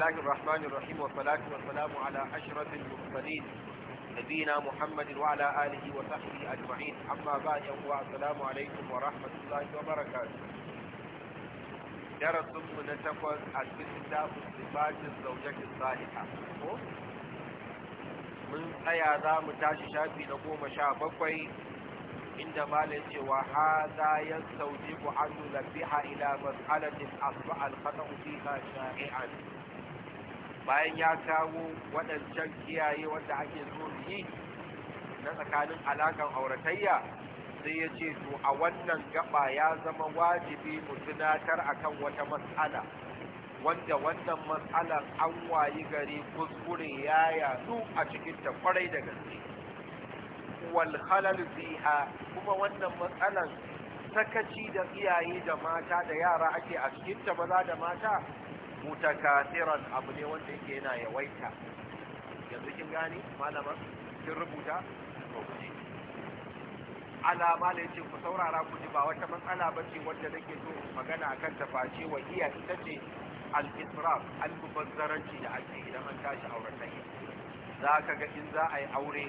الله الرحمن الرحيم والصلاة والسلام على أشرف المرسلين نبينا محمد وعلى آله وصحبه أجمعين أما بعد السلام عليكم ورحمة الله وبركاته درس من تفض الكتاب صفات الزوجة الصالحة من أي هذا متاششا في نقوم شابقوي inda malin cewa وهذا يستوجب ya sauji إلى مسألة nuna الخطأ فيها شائعا bayan ya kawo waɗancan kiyaye wanda ake so yi na tsakanin alaƙar auratayya sai ya ce to a wannan gaba ya zama wajibi mu tunatar akan wata matsala wanda wannan matsalar an wayi gari kuskure ya yadu a cikin ta kwarai da gaske wal halal fiha kuma wannan matsalar sakaci da iyaye da mata da yara ake a cikin ta maza da mata mutakasiran abu ne wanda yake yana yawaita yanzu kin gani malama kin rubuta kuje alama ku saurara ku ji ba wata matsala ba ce wanda nake so magana akan ta face wa iya ita ce al-israf al da ake idan an tashi auren za ka ga in za a yi aure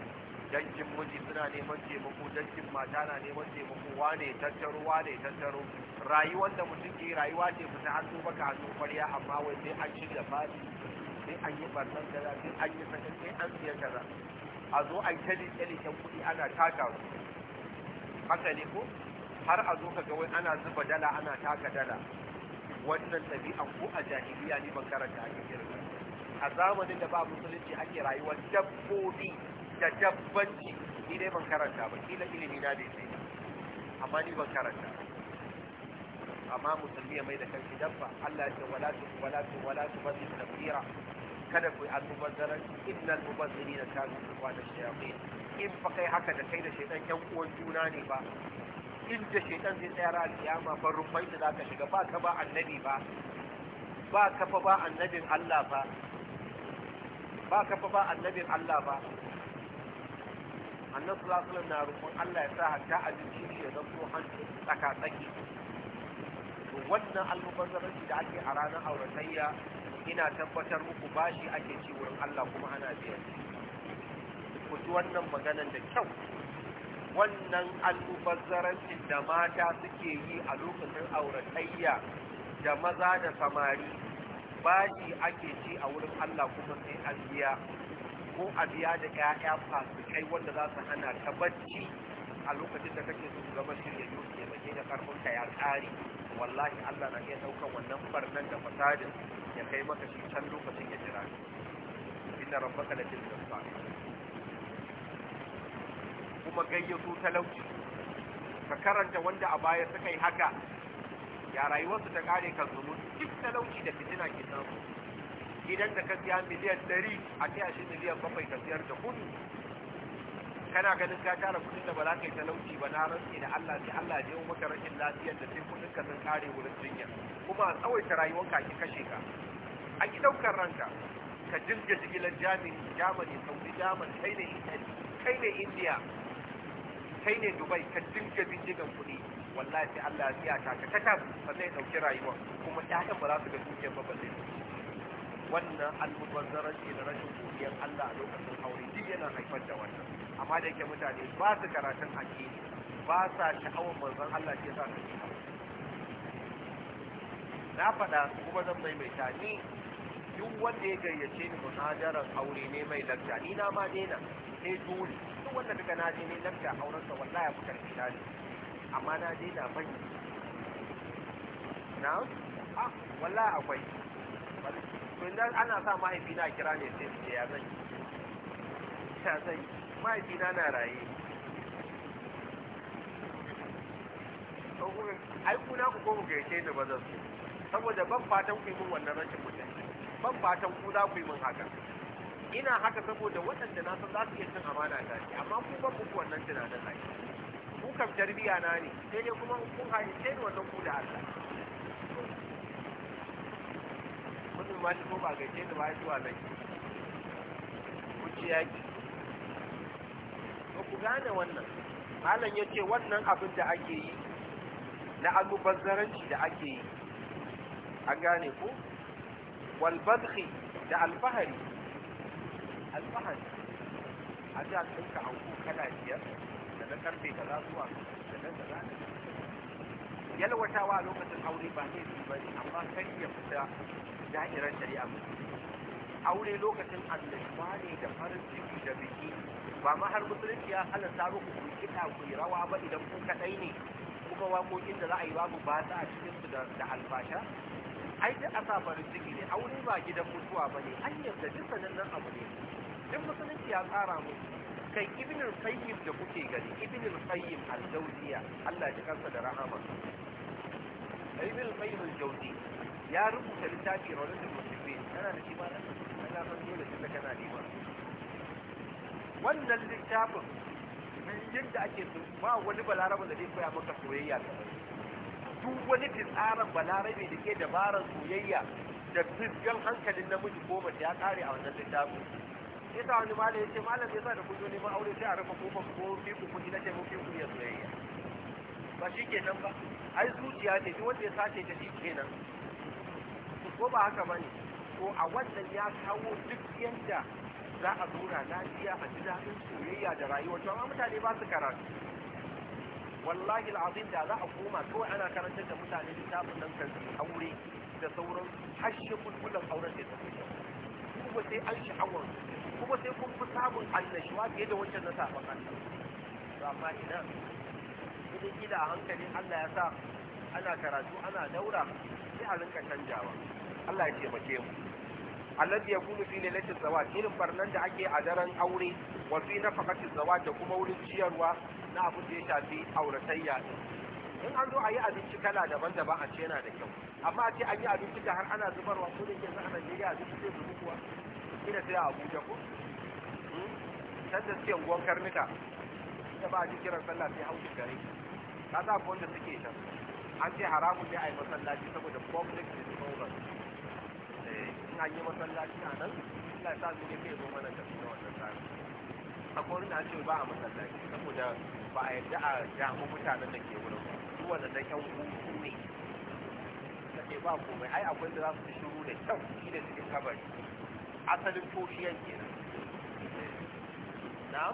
dangin miji suna neman taimako dangin mata na neman taimako wane tattaro wane tattaro rayuwar da mutum ke rayuwa ce fita hannu baka hannu kwarya amma wai sai an ci da fadi sai an yi barnan kaza sai an yi sakan sai an siya kaza a zo an tali-tali kyan kuɗi ana taka su haka ne ko har a zo ka ga wai ana zuba dala ana taka dala wannan ɗabi'a ko a jahiliya ne ban karanta a cikin a zamanin da ba musulunci ake rayuwar dabbobi da dabbanci ni dai ban karanta ba kila ilimi na bai sai amma ni ban karanta amma musulmi ya mai da kanki dabba Allah ya ce wala tu wala tu wala tu bazi tabira kada ku an mubazzara innal mubazzirina kanu ikhwana shayatin in fa kai haka da kai da shaytan yan uwan juna ne ba In da shaitan zai tsayar a kiyama ban rufai da zaka shiga ba ka ba annabi ba ba ka fa ba annabin Allah ba ba ka fa ba annabin Allah ba annabi sallallahu alaihi wasallam na roƙon Allah ya sa hatta abinci shi ya zanto hannu tsaka tsaki to wannan almubazzaranci da ake a ranar auratayya ina tabbatar muku bashi ake ci wurin Allah kuma ana biya ku ci wannan maganan da kyau wannan almubazzarancin da mata suke yi a lokacin auratayya da maza da samari bashi ake ci a wurin Allah kuma sai an biya ko a biya da ƴaƴa fasikai wanda za su hana ta bacci a lokacin da kake su gaba shirya yau ke baje da karfin ka ya ƙare wallahi Allah na iya ɗaukar wannan barnan da fasadin ya kai maka shi can lokacin ya jira inna rabbaka la bil mirsad kuma gayyato talauci ka karanta wanda a baya suka yi haka ya rayuwarsu ta ƙare kan zumu duk talauci da fitina ke samu idan da ka siya miliyan ɗari a kai shi miliyan bakwai ka siyar da kudu kana ganin ka tara kudin da ba za ka yi talauci ba na rantsi da Allah sai Allah ya yi maka rashin lafiyar da sai kudin ka sun kare wurin jinya kuma a tsawaita ka ki kashe ka a ki daukar ranka ka jirga jigilar jamin jamani saudi jaman kai ne italy kai ne india kai ne dubai ka jirga bindigan kudi wallahi sai Allah ya siya ka ka kaka sannan ya ɗauki rayuwa kuma ƴaƴan ba za su ga dukiyar ba balle wannan almubazzaranci da rashin godiyar Allah a lokacin aure duk yana haifar da wannan amma da yake mutane ba su karatun addini ba sa sha'awar manzon Allah ke sa su na faɗa kuma zan maimaita ni duk wanda ya gayyace ni muhajarar aure ne mai lakta ni na ma daina sai dole duk wanda daga na je ne lakta auren sa wallahi ya fi karfi na ne amma na daina bai na ah wallahi akwai to idan ana sa mahaifina a kira ne sai su ce ya zai ya zai mahaifina na raye ai kuna ku ko ku gaishe da ba zan so saboda ban fatan ku yi min wannan rashin mutunci ban fatan ku za ku yi min haka ina haka saboda waɗanda na san za su iya cin amana ta ce, amma ku ban muku wannan tunanin ai ku kam tarbiya na ne sai dai kuma kun hali sai da wannan ku da Allah mutum ma shi ko ba gaishe da ba shi wa lai kuci yaki ba ku gane wannan malam ya ce wannan abin da ake yi na almubazzaranci da ake yi an gane ku walbadhi da alfahari alfahari a ji a tsinka hanku kala biyar da na karfe da za zuwa da na da za yalwatawa a lokacin aure ba ne ba ne amma kan iya fita da'irar shari'a aure lokacin annashuwa ne da farin ciki da biki ba ma har musulunci ya halatta saro ku kiɗa ku rawa ba idan ku kadai ne kuma waƙoƙin da za a yi babu ba ta a cikin su da albasha? ai da a sa farin ciki ne aure ba gidan mutuwa ba ne an yarda duk sanannen abu ne duk musulunci ya tsara mu? kai ibn qayyim da kuke gani ibn al-qayyim al-jawziya Allah ya kansa da rahama ibn qayyim al ya rubuta littafi rawdatul muhibbin yana da shi ba nan Allah ban dole tunda kana nema wannan littafin min yadda ake so ba wani balarabe da zai koya maka soyayya ka duk wani fitsarin balarabe da ke dabarar soyayya da fisgan hankalin namiji ko mace ya kare a wannan littafin sai ta wani malam yace malam yasa da kujo neman aure sai a rufe kofar ko fi ku kuɗi na ce mu fi ku ya soyayya ba shi ke nan ba ai zuciya ce duk wanda ya sace ta shi kenan ko ba haka bane ko a wannan ya kawo duk yanda za a zauna lafiya a ji daɗin soyayya da rayuwa to amma mutane ba su karatu wallahi al'azim da za a koma kawai ana karantar da mutane littafin nan kan aure da sauran hashe kulkulan auren da tafi kuma sai an sha'awar kuma sai kun fi samun annashuwa fiye da wancan na sabon Allah amma ina idan gida a hankali Allah ya sa ana karatu ana daura sai a rinka canjawa Allah ya taimake mu ya kuma fi lailatul zawaj irin barnan da ake a daren aure wa fi nafaqatil zawaj da kuma wurin ciyarwa na abin da ya shafi auratayya in an zo a yi abinci kala daban-daban a ce yana da kyau amma a ce an yi abinci da har ana zubarwa ko da ke za a Najeriya abinci zai zubu kuwa ina sai a Abuja ko hmm? can da suke unguwan karnuka da ba a ji kiran sallah sai haushin gare ka za ku wanda suke shan an ce haramun ne a yi masallaci saboda public disposal eh, in an yi masallaci a nan Ina sa su ne kai zo mana tafi na wannan tsari akwai wani an ce ba a masallaci saboda ba a yadda a damu mutanen da ke wurin su wanda da yan hutu ne ta ce ba komai ai akwai da za su fi shuru da kyau shi da cikin kabari asalin toshiyan nan na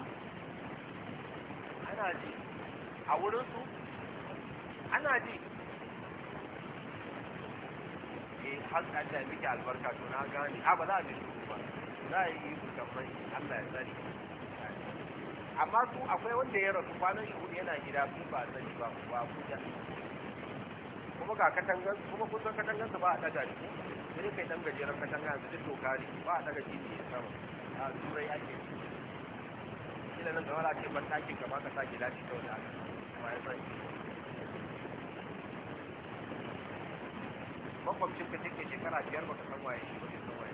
ana ji a wurinsu ana ji yi haske Allah ya miki albarka to na gani a ba za a ji shi ba za a yi su kamar Allah ya tsari amma su akwai wanda ya rasu kwanan shi hudu yana gida su ba sani ba ba ku ja kuma ga katangan kuma kusan katangan su ba a daga shi sai kai dan gajeren katanga su duk doka ne ba a daga shi ne sama a turai ake kila nan da wala ce ban takin ka ba ka sake lafiya da aka ba ya sani makwabcin ka take shekara biyar baka san waye shi baka san waye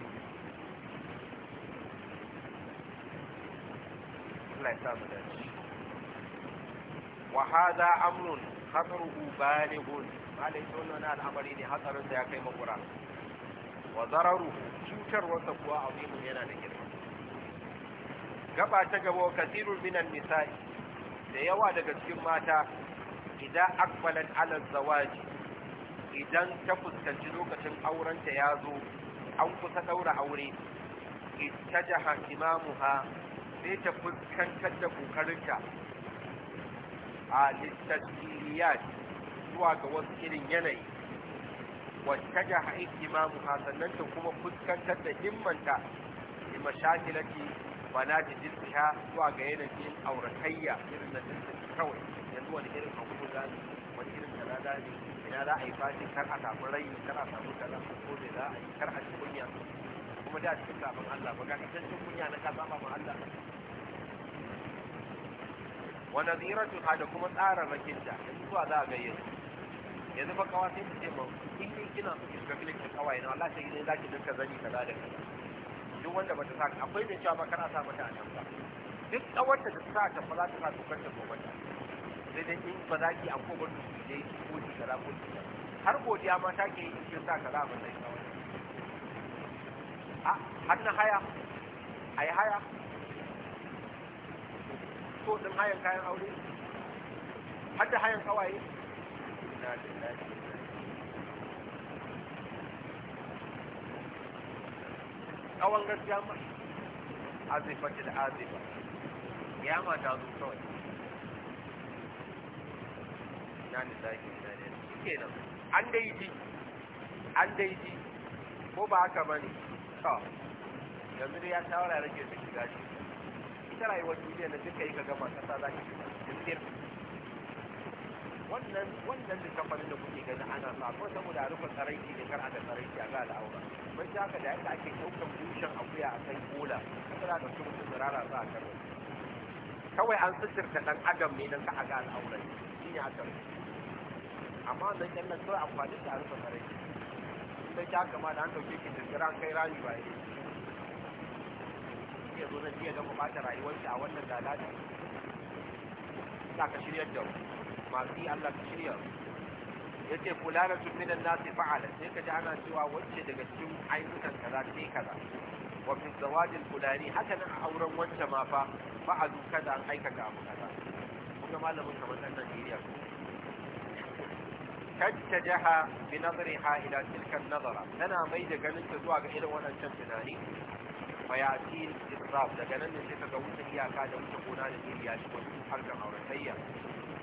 wa hadha amrun khataruhu balighun malai to al'amari ne hatsarin da ya kai makura wa dararuhu cutarwarsa kuwa azimun yana da girma gaba ta gaba kasirun minan nisa'i da yawa daga cikin mata idan akbalan ala zawaji idan ta fuskanci lokacin aurenta ya zo an kusa daura aure ittajaha imamuha sai ta fuskantar da kokarinta a littasiriyat zuwa ga wasu irin yanayi wattajaha imamuha sannan ta kuma fuskantar da himmanta da mashakilati bana ta jirka zuwa ga yanayin aurakayya irin na jirka kawai yanzu wani irin abu wani irin na ne ina za a yi fashi kar a samu rai kar a samu kaza ko me za a yi kar a ci kunya kuma da cikin sabon Allah ba ka kasan cin kunya na ka saba ma Allah wa nadiratu hada kuma tsara rakinta yanzu zuwa za a gayyace yanzu fa kawai sai ta ce ba in kin kina so ki ga filin kawai na Allah sai ne zaki dinka zani kaza da kaza duk wanda bata sa akwai da cewa ba kana sa mata a nan ba duk tsawon da ta sa ta fa za ta sa tukar ta gobe sai dai in ba za ki a kogon da su je ki ko ki kaza ko har godiya ma ta ke yi in sa kaza a matsayin kawai a hannun haya a yi haya so din hayan kayan aure har da hayan kawaye na lillahi kawan gaskiya ma azifa da azifa ya mata zo kawai inna an dai ji an dai ji ba haka bane to yanzu dai ya shawara rage su shiga shi ita rayuwar duniya na duka yi ka gama za ki shiga wannan da kamfanin da kuke gani ana sa ko saboda a rufe ne kar a ga al'aura mun ji haka da yadda ake ɗaukar bushen akuya a kan bola kuma za ka ci mutum tsirara za a kawai an sisirta dan adam ne nan ka a ga al'aura shi ne amma wannan kyallan kawai amfani da harfa sarai sai ta kama da an ɗauke ki jirgira kai rami ba yi iya zo na iya gama bata rayuwarki a wannan lalata za ka shiryar da masu yi allah ka shirya ya ce fulana tun minan nasi fa'ala sai ka ji ana cewa wacce daga cikin ayyukan kaza ce kaza wa fi zawajin fulani haka nan a auren wacce ma fa fa'alu kaza an aikata abu kaza kuma malamin kamar ɗan najeriya تتجه بنظرها إلى تلك النظرة أنا ميدا قلنت زواج إلى وانا تنتناني فيأتي الإضراب لقنا نسيت قوت تكون هذه هي إياك حركه مورتية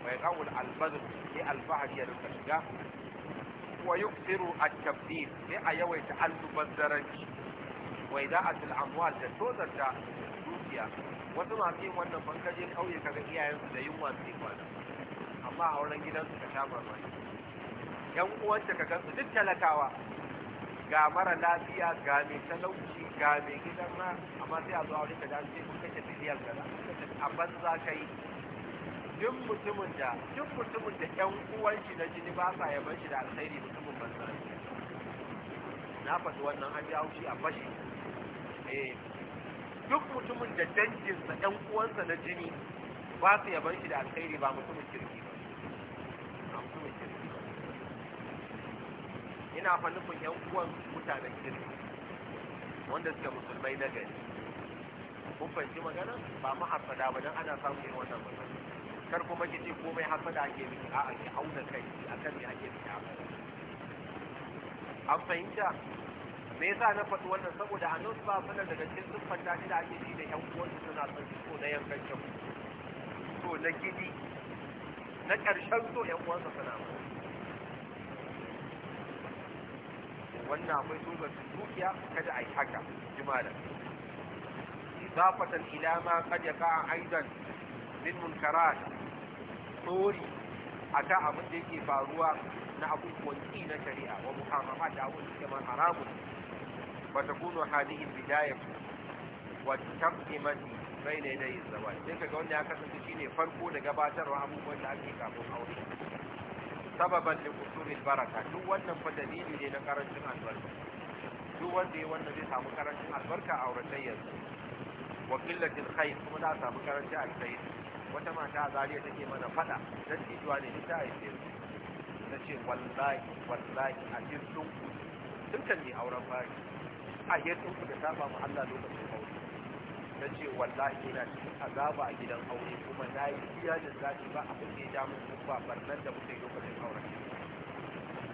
ويقول البذل للفهد يرفشقا ويكثر التبديل ايوه تعلم بالدرج وإذاعة الأموال تتوزر روسيا وتنا في وانا قوي أو هي إياهم يوم في وانا الله أولا جدا تتشابه yan uwanta ka gansu duk talakawa ga mara lafiya ga mai talauci ga mai gidan ma amma sai a zo a rika da sai kun kace miliyan kaza a banza kai duk mutumin da duk mutumin da yan uwan shi na jini ba sa yaban shi da alkhairi mutumin banza na faɗi wannan an haushi a bashi eh duk mutumin da danginsa yan uwansa na jini ba su yaban shi da alkhairi ba mutumin kirki ba mutumin kirki ina fa nufin yan uwan mutanen kirki wanda suke musulmai na gari kun fahimci magana ba mu hasada ba dan ana samun irin wannan magana kar kuma ki ce komai hasada ake miki a ki auna kai akan me ake miki a an fahimta me yasa na faɗi wannan saboda a nan ba sanar daga cikin siffar da da ake ji da yan uwansu suna son so na yankan kyau so na gidi na ƙarshen so yan uwansa suna so wannan akwai tozarcin dukiya kada a yi haka jimalar idafatan ila ma kad aidan min munkarat tori akan abin da yake faruwa na abubuwan ki na shari'a wa muharrama da abin da kamar haramun wa takunu hadihi bidayah wa taqdimati na yaday zawaj sai ga wanda ya kasance shine farko da gabatarwa abubuwan da ake kafin aure sababan li usulil baraka duk wannan fa dalili ne na karancin albarka duk wanda ya wanda zai samu karancin albarka a auratayyar wa qillatil khair kuma za samu karancin alkhair wata mata zariya take mana fada dan tijuwa ne ta aice ta ce wallahi wallahi a cikin dukkan ne auren fari a yi da saba mu Allah lokacin aure na ce wallahi ina cikin azaba a gidan aure kuma na yi iya da zafi ba a da ya ja min ba barnan da muka yi lokacin auren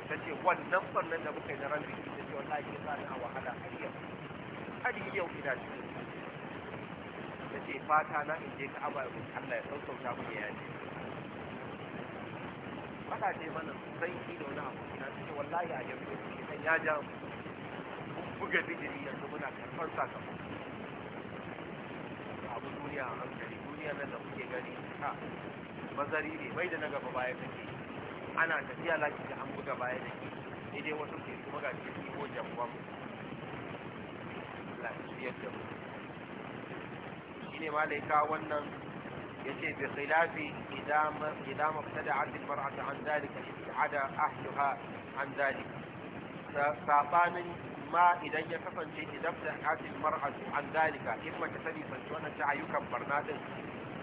ta ce wannan barnan da muka yi na ran biki ta ce wallahi ya sa ni a wahala har yau har yau ina cikin ta ce fata na in je ka aba ya Allah ya sassauta mu ya yaje faɗa ce mana sai ki da wani abu ina ce wallahi a yanzu ya ja buga digiri yanzu muna karɓar sakamako duniya a hankali duniya nan da kuke gani ha mazari ne bai da na gaba baya take ana tafiya laki da an buga baya da ke sai dai wasu ke kuma ga ke ko jamuwa mu lafiyar da mu shi ne malaika wannan ya ce bi khilafi idan mafsada adil mar'ata an zalika ibtada ahliha an zalika sabanin amma idan ya kasance idan da hatin mar'atu an dalika in mace ta nisanci wannan ta ayyukan barna din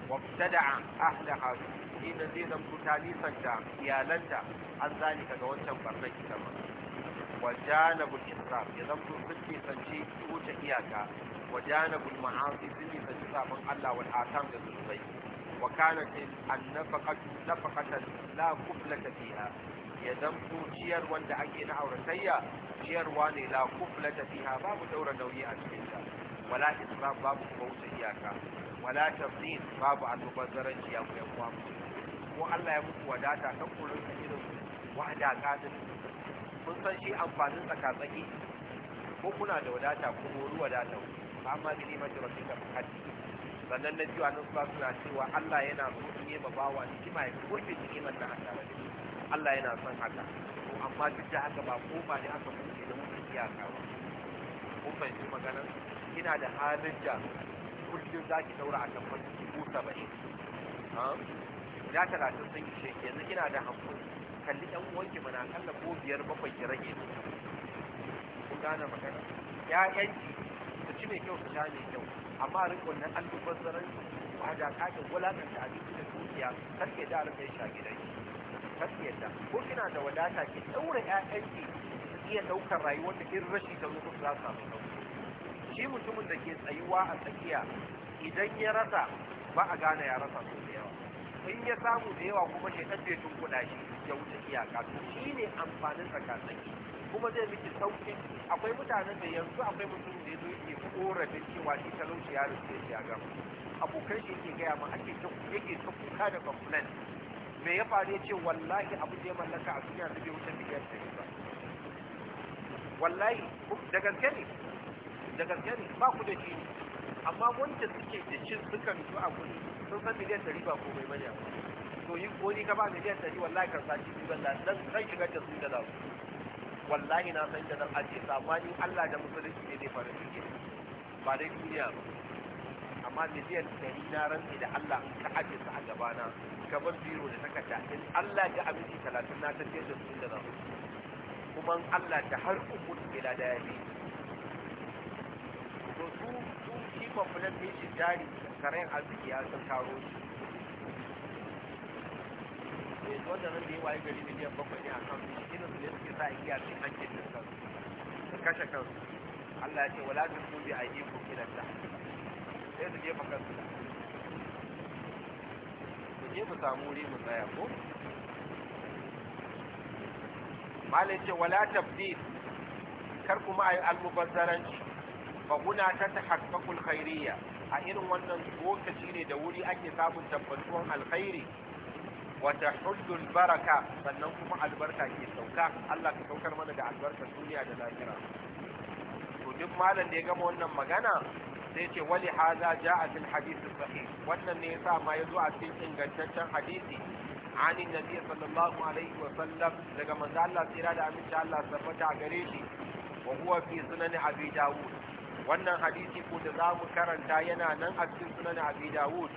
wa btada ahlaha idan zai zan ta nisanta iyalanta an zalika ga wancan barna ita ma wa janabul israf ya zan ku sun nisanci wuce iyaka wa janabul ma'asi sun nisanci sabon Allah wal atam da zunubai wa kanat an nafaqatu nafaqatan la kuflata fiha ya zamto ciyar wanda ake na auratayya ciyarwa ne la kufla ta fiha babu daura nauyi a cikin ta wala isbab babu kuma iyaka wala tafsir babu almubazzaranci ya mu yan uwa ko Allah ya muku wadata kan kullun da irin wada kadin kun san shi amfanin tsakatsaki ko kuna da wadata ko horo wadata amma bi liman rabbika hadith sannan na biyu a nan suna cewa Allah yana so in yi bawa ni'ima ya kurfe ni'imar da Allah Allah yana son haka amma duk da haka ba ko ba ne aka buɗe da mutum iyaka ba bai fahimci magana ina da halin da kullum za ki daura a kan ki ta ba shi ya talatin sun ishe yanzu ina da hankali kalli ɗan uwanki mana kalla ko biyar bakwai ki rage Ku gane magana Ya yanki su ci mai kyau su sha mai kyau amma riƙon wannan albubazaran ba da kakin wulakanta abinci da dukiya ke da rika ya masiyarta ko kina da wadata ki daura ƴaƴanki iya daukar rayuwar da in rashi ta zo za su samu shi mutumin da ke tsayuwa a tsakiya idan ya rasa ba a gane ya rasa sau da yawa in ya samu da yawa kuma shekar ɗan tun kuɗa shi ya wuce iyaka to shi ne amfanin tsakatsaki kuma zai miki sauƙin akwai mutanen da yanzu akwai mutum da ya zo yake korafin cewa shi talauci ya rufe shi a gama abokan shi yake gaya ma ake yake ta kuka da kwamfulan. me ya faru ya ce wallahi abu da ya mallaka a cikin da bai wuce miliyan ɗari ba wallahi da gaske ne da gaske ne ba ku da shi amma wanda suke da cin suka su a kudi sun san miliyan ɗari ba komai mai ne to yi ko ka ba miliyan ɗari wallahi kan sa cikin da, nan zan shigar da su da za su wallahi na san da zan aje sabanin Allah da musulunci ne zai faru ba dai duniya ba amma miliyan ɗari na rantsi da Allah in ka aje su a gabana ka bar biro da takarda in Allah ga abinci talatin na tafiyar da su da zan kuma Allah ta har uku da ila da yayi to su su shi kwamfulan mishin jari karen arziki ya san karo shi yanzu eh, wanda nan da ya waye gari miliyan bakwai ne a kan su irin su ne suke sa iya sai an gina kansu su kashe kansu Allah ya ce wala tun bi aidikum ila ta sai su jefa kansu da su jefa samu wuri mu tsaya ko malai ce wala tafdi kar kuma ayi almubazzaranci fa guna ta tahaqqaqul khairiyya a irin wannan lokaci ne da wuri ake samun tabbatuwan alkhairi wata hudul baraka sannan kuma albarka ke sauka Allah ka saukar mana da albarka duniya da lahira to duk malam da ya gama wannan magana sai ce wali haza a cikin hadisi sahi wannan ne yasa ma yazo a cikin ingantaccen hadisi nabi sallallahu alaihi wa sallam daga manzo Allah tsira da سيرادة Allah sabbata gare shi Wa huwa fi sunan abi داود wannan hadisi ko da za mu karanta yana nan a cikin sunan Abi Dawud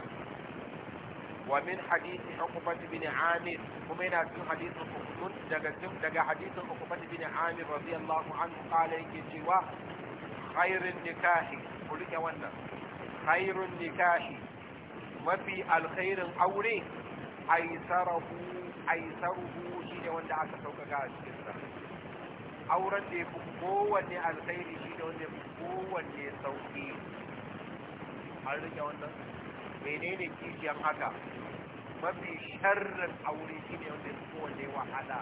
wa min hadisi Uqbat bin Amir kuma yana cikin hadisin Uqbat daga daga hadisin Uqbat bin Amir radiyallahu anhu qala yake cewa khairun nikahi ku rike wannan khairun nikahi mafi alkhairin aure aisarahu aisaruhu shine wanda aka sauƙaƙa a cikin sa auren da yafi kowanne alkhairi shine wanda yafi kowanne sauƙi an rike wannan menene kishiyan haka mafi sharrin aure shine wanda yafi kowanne wahala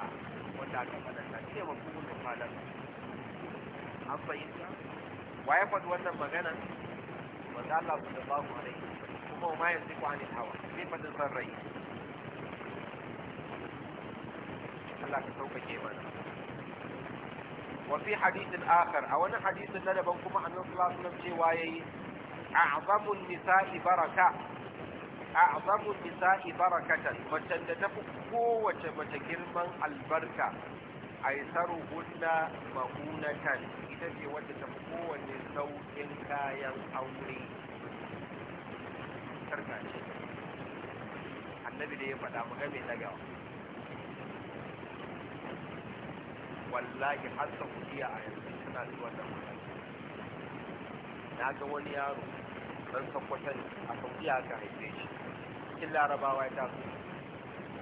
wanda aka faɗa shi ne mafi gudun halar an fahimta wa ya faɗi wannan magana Wanda Allah da sallallahu alaihi kuma ma yanzu ku anil hawa sai faɗin san rai Allah ka sauƙaƙe mana wa fi hadithin akhar a wani hadisin na daban kuma annabi sallallahu alaihi wasallam cewa yayi a'zamu an-nisa'i baraka a'zamu an-nisa'i barakatan mace da tafi kowace mace girman albarka aisaru hunna mahunatan ita ce wadda ta fi kowanne sauƙin kayan aure sarka ce annabi da ya faɗa mu game dagawa wallahi har saudiya a yanzu suna ji wannan na ga wani yaro ɗan sakwatan a sauƙi aka haife shi cikin larabawa ya taso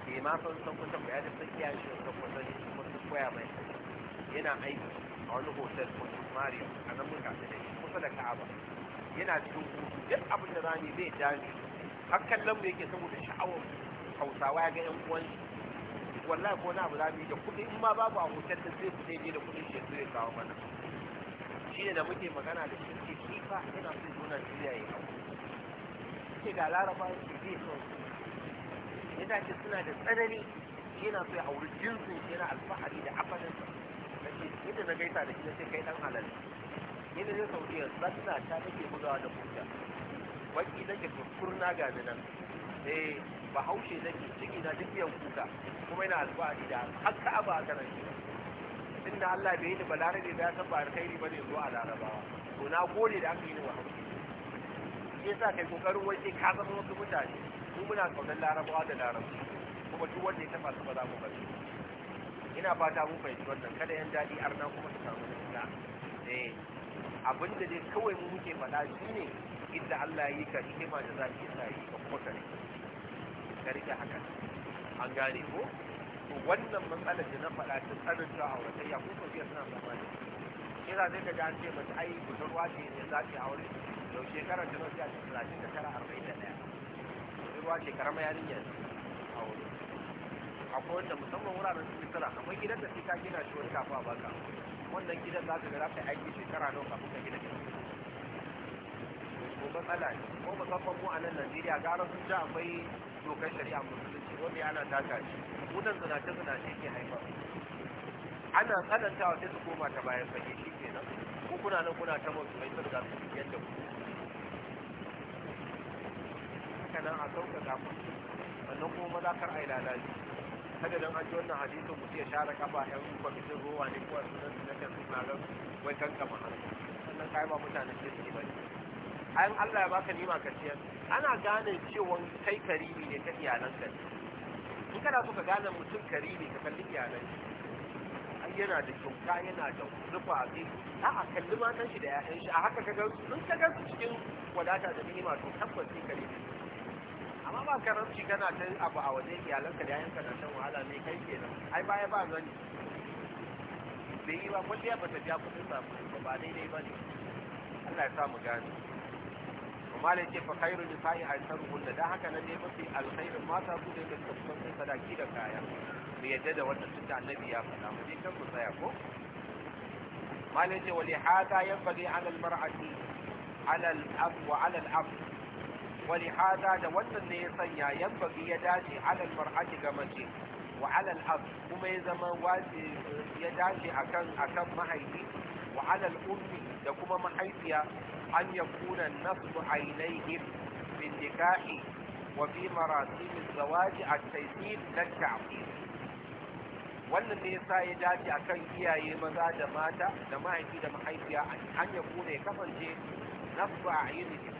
bai ma san sakwatan ba ya da tsakiya shi sakwatan koya mai yana aiki a wani hotel ko mariam a nan muka da shi kusa da ka'aba yana cikin hutu duk abin da zani zai dani har kallon mu yake saboda sha'awar hausawa ya ga yan uwan wallahi ko na abu za mu yi da kuɗi in ma babu a hotel din zai fita je da kuɗin shi zai kawo mana shi ne da muke magana da shi ke kifa yana so zuna Najeriya ya hau ce ga laraba su zai so ya dace suna da tsanani yana sai ya auri jinsin shi yana alfahari da afalinsa da ke yadda na gaisa da shi na ce kai dan halal yadda zai saudiya suna ta nake bugawa da kuka baki ke kurna ga nan eh ba haushe ke ciki na duk yan kuka kuma yana alfahari da har abu a kanan shi inda Allah bai yi ni balarabe da ya san ba alkhairi bane zuwa larabawa to na gode da aka yi ni ba haushe shi yasa kai kokarin wai sai ka zama wasu mutane mu muna kaunar larabawa da larabawa. kuma duk wanda ya taba su ba za mu bari ina fata mun fahimci wannan kada yan daɗi arna kuma su samu nasara eh abin da dai kawai mu muke faɗa shi ne inda Allah ya yi ka ma da za ki sa yi ka kuma kare ka rike haka an gane ko to wannan matsalar da na faɗa ta tsananta a wata ya kuma biyar suna tsammani kira zai ka ga an ce mace ai budurwa ce ne za ta aure yau shekarar da na ce a cikin talatin da tara arba'in da ɗaya budurwa shekarar mayarin yanzu aure akwai wanda musamman wuraren su tsara kamar gidan da sai ka gina shi wani kafa baka wannan gidan za ka ga za aiki shekara nawa kafin ka gina gidan ko matsala ne ko musamman mu a nan Najeriya gara sun ja akwai dokar shari'a musulunci wanda ana taka shi wutan zinace zinace ke haifar ana tsanantawa sai su koma ta bayan fage shi kenan ko kuna nan kuna ta musu mai sun gasu yadda ku haka nan a sauka musu wannan kuma maza kar a yi lalaci kada dan an ji wannan hadisin mutum ya share kafa yan kwamitin ruwa ne ko a sunan su na kansu wai kan kama harka Sannan kayan ba mutanen ke su ba ne an Allah ya baka nima ka ciyar ana gane cewa kai karimi ne ka iyalanka ne in kana so ka gane mutum karimi ka kalli iyalan shi yana da kyauta yana da rufa a kai a a kalli matan shi da 'ya'yan shi a haka ka gansu in ka gansu cikin wadata da ni'ima to tabbas kai karimi amma ba karamci kana ta abu a waje iyalanka da yayanka na shan wahala ne kai kenan ai baya ba zani bai yi ba kwalliya ba ta biya kuɗin sabulu ba ba daidai ba ne Allah ya sa mu gane kuma ne ce fa khairu nisa'i aisaru hunna da haka nan ne mafi alkhairin mata su ne da suka fi sun sadaki da kaya mu yadda da wannan tunda annabi ya faɗa mu je kan mu tsaya ko malai ce wali hada yanbaghi ala almar'ati ala al-ab wa ala al ولهذا لوانا نيسان ينبغي بقية على المرأة قمشي وعلى الأب وما يزما يداشي أكان أكان مهيدي وعلى الأم لكما مهيديا أن يكون النصب عينيهم النكاح وفي مراسم الزواج التيسير للتعقيم وانا نيسا يداشي أكان إياه يمزا دماتا لما هيدي دمهيديا أن يكون كمان جي نصب عينيهم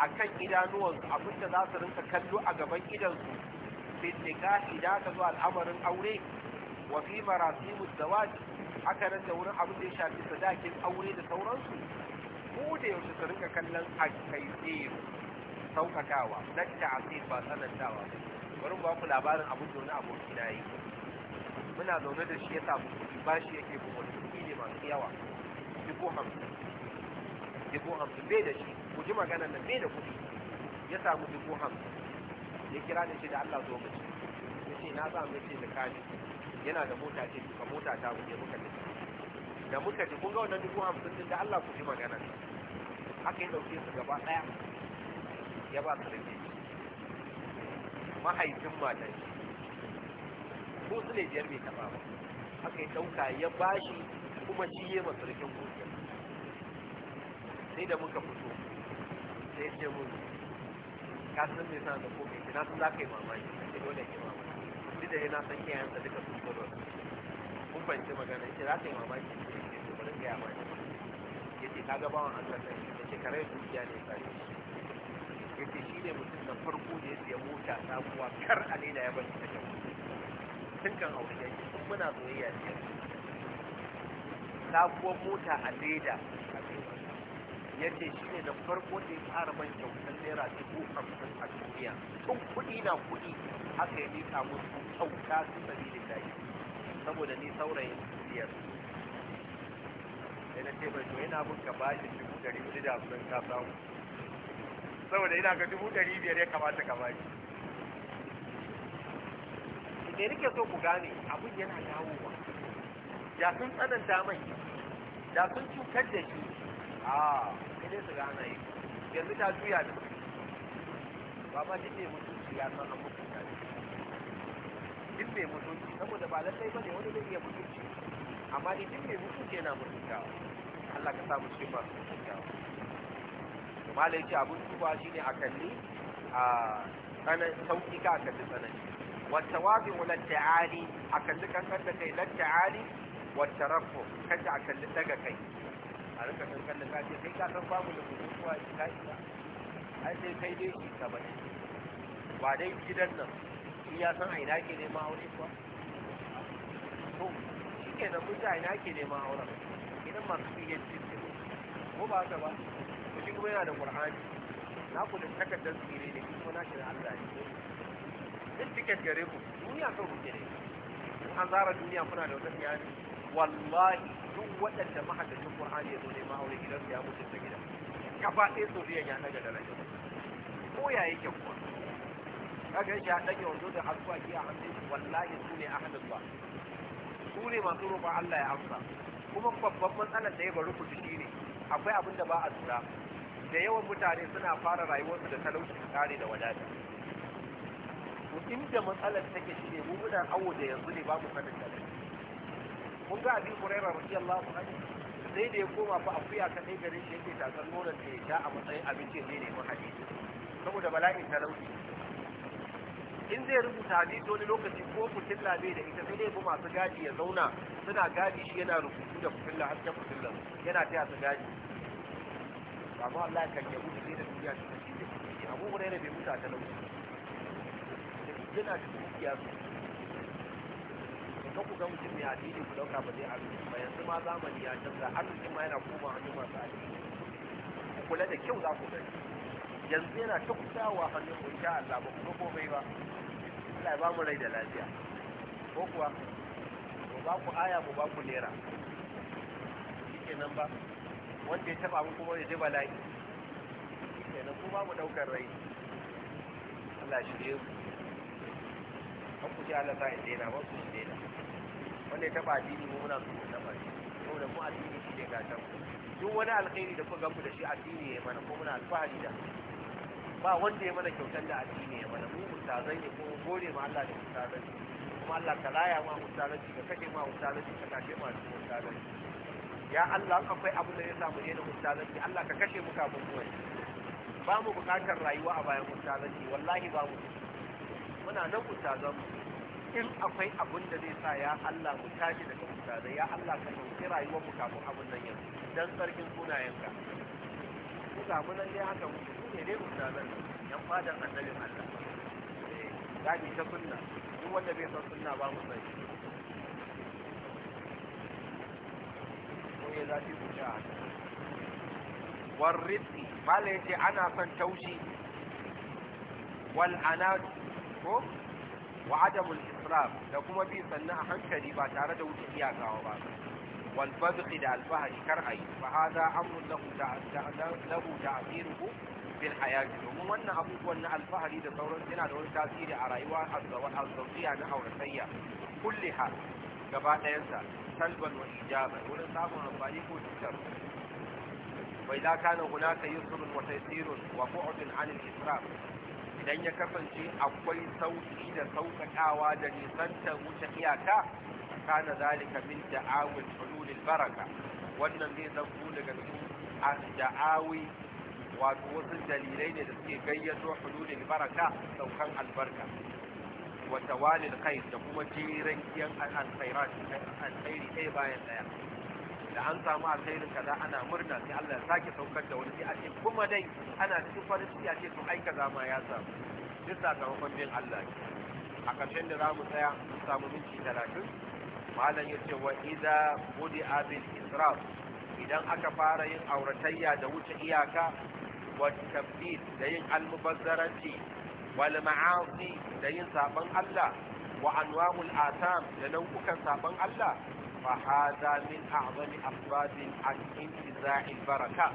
a kan idanuwansu abinda za su rinka kallo a gaban idansu fi nikahi da ka zo al'amarin aure wa fi marasimu zawaj haka nan da wurin abin da ya shafi sadakin aure da sauransu ko da yaushe su rinka kallon a kaifiyar saukakawa na ta ta'asir ba tsanantawa bari ba ku labarin abin da wani aboki na yi muna zaune da shi ya samu kuɗi ba shi yake bin kuɗi ne masu yawa dubu hamsin dubu hamsin bai da shi ku ji magana na bai da kuɗi ya samu dubu hamsin ya kira ni shi da Allah zo mace ya ce na za mu ce da kaji yana da mota ce duka mota ta buge muka tafi da muka ji kun ga wannan dubu hamsin din da Allah ku ji magana haka ya dauke su gaba daya ya ba su rike mahaifin matan ko su ne biyar bai taba ba haka ya dauka ya bashi kuma shi ya rikin gobe sai da muka fito sai ya mun ka san me sa da ko kai na san za ka yi mamaki kace dole ki mamaki duk da yana san kiyayensa duka sun gudu kun fahimci magana yace za ka yi mamaki yace to bari ce ma yace kaga bawan Allah sai yace kare dukiya ne sai ce shi ne mutum na farko da ya siya mota sabuwa kar a daina ya bari ta tun kan aure ce tun muna soyayya ne sabuwar mota a leda ya ce shi ne da farko da ya fara man kyautar naira dubu hamsin a duniya tun kuɗi na kuɗi haka ya nisa musu kyauta su sabi da saboda ni saurayin siyar sai na ce bai yana bin ka shi dubu ɗari biyu da hamsin ka samu saboda yana ga dubu ɗari biyar ya kamata ka bashi me nake so ku gane abin yana dawowa da sun tsananta mai da sun cutar da shi a sai su ga ana yi yanzu ta juya da ba ma duk mai mutunci ya san an mutunta ne duk mai mutunci saboda ba lallai ba ne wani zai iya mutunci amma ne duk mai mutunci yana mutuntawa Allah ka samu cikin masu mutuntawa to malai ce abun shi ne a kalli a tsanan sauki ka a kalli tsanani wata wabi wa latta'ali a kalli kankan da kai latta'ali wata rafu kanta a kalli daga kai a rika kankan da kace kai ka san babu da kuma kuwa ita ita An sai kai dai ki ka bane ba dai gidan nan in ya san aina ke neman aure kuwa to shi ke nan mutu aina ke neman aure idan masu biyan cikin ko ba haka ba to shi kuma yana da qur'ani na ku da takardar tsire ne kuma na shi da Allah ne duk tiket gare ku duniya kan ku ke ne an zara duniya kuna da wata tsiyani wallahi duk waɗanda mahaddacin qur'ani ya zo ne aure gidan ya mutu ta gida kafa ɗaya zuriyar ya daga daraja ko ya yake kuwa kaga shi dan ya wanzo da hasuwa ki a hannun wallahi su ne ba su ne masu roƙon Allah ya amsa kuma babban matsalar da ya bari ku shi ne akwai abin da ba a tura da yawan mutane suna fara rayuwarsu da talauci tsari da wadata to inda matsalar take shi ne mu muna awo da yanzu ne babu sanin da mun ga abin Allah radiyallahu anhu sai da ya koma fa akuya ka dai garin shi yake tasar nonon da ya sha a matsayin abinci ne ne ba hadisi saboda bala'in talauci in zai rubuta hadisi wani lokaci ko fitilla bai da ita sai dai bu masu gadi ya zauna suna gadi shi yana rubutu da fitilla har ta fitilla yana taya su gadi amma Allah kan ya mutu sai da duniya ta ci da abu hurairah bai mutu a talauci da yana da dukiya sosai kan ku ga mutum mai addini ku dauka ba zai arziki ba yanzu ma zamani ya canza arziki ma yana koma hannun masu addini ku kula da kyau za ku gani yanzu yana ta kusawa hannun mu insha Allah ba ku ga komai ba Allah ya ba mu rai da lafiya ko kuwa mu ba ku aya mu ba ku naira nan ba wanda ya taba mu kuma ya ji bala'i shikenan ku ba mu daukar rai Allah shirye ku an ku Allah sa in daina wasu in daina wanda ya taba addini mu muna so mu taba shi saboda mu addini shi ne gatan duk wani alkhairi da kuka gamu da shi addini ya mana ko muna alfahari da ba wanda ya mana kyautar da addini ya mana mu mutazan ne ko gore ma Allah da mutazan kuma Allah ka laya ma mutazan ka kashe ma mutazan ka kashe ma mutazan ya Allah akwai abu da ya samu ne da mutazan Allah ka kashe mu kafin mu ba mu bukatar rayuwa a bayan mutazan wallahi ba mu muna nan ustazan in akwai abin da zai sa ya Allah mu tashi daga da ya Allah ka ɗauki rayuwar mu kafin abin nan yau dan tsarkin sunayenka ku ga mun dai haka mu ne dai ustazan yan fadan annabi Allah gani eh, ta sunna duk wanda bai san sunna ba mu sai ko ya zafi ku ta warriti mala ce ana son taushi wal ko wa adamul israf da kuma bi sannan a hankali ba tare da wuce iyakawa ba wal fadhi da al fahsh kar'ai fa hada amrun lahu lahu ta'thiruhu bil hayati domin wannan abubuwan na alfahari da sauran yana da wani tasiri a rayuwa azzawiya na auratayya kulliha gaba ɗayansa salban wa ijaba wurin samun amfani ko cutar وإذا كان هناك يسر وتيسير وبعد عن الإسراف idan ya kasance akwai sauki da sauƙaƙawa da nisantar wuce iyaka kana zalika min da'awil hululil baraka wannan zai zanku daga cikin da'awi wato wasu dalilai ne da suke gayyato hululil baraka saukan albarka wata walin kai da kuma jiran yan alkhairat alkhairi kai bayan daya da an samu alkhairin kaza ana murna sai Allah ya sake saukar da wani sai a kuma dai ana cikin farin ciki a ce to ai kaza ma ya samu duk sakamakon bin Allah a ƙarshen da zamu tsaya mu samu minti talatin malam ya ce wa idza budi'a bil israf idan aka fara yin auratayya da wuce iyaka wa tabbid da yin almubazzaranci wal ma'asi da yin saban Allah wa anwa'ul atam da nau'ukan saban Allah فهذا من أعظم أسباب عن انتزاع البركة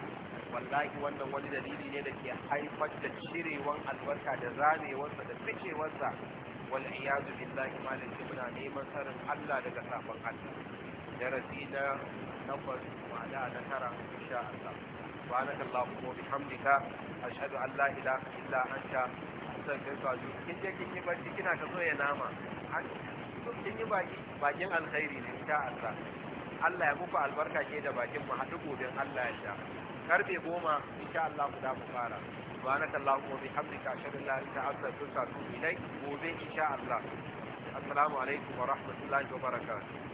wallahi wannan wani dalili ne da ke haifar da cirewan albarka da zamewarsa da ficewarsa wal iyazu billahi malam muna neman sanin Allah daga safan Allah darasi na nafas ma'ana na tara insha Allah subhanaka allahumma wa bihamdika ashhadu an la ilaha illa anta astaghfiruka wa atubu ilayk kin je kin yi barci kina ka so ya nama kin yi baki bakin alkhairi ne insha Allah Allah ya muku albarka ke da bakin mu haɗu gobe Allah ya sha karfe goma insha Allah ku da fara subhanaka allahumma wa bihamdika ashhadu an la ilaha illa anta astaghfiruka wa atubu ilaik gobe insha Allah assalamu alaikum wa rahmatullahi wa barakatuh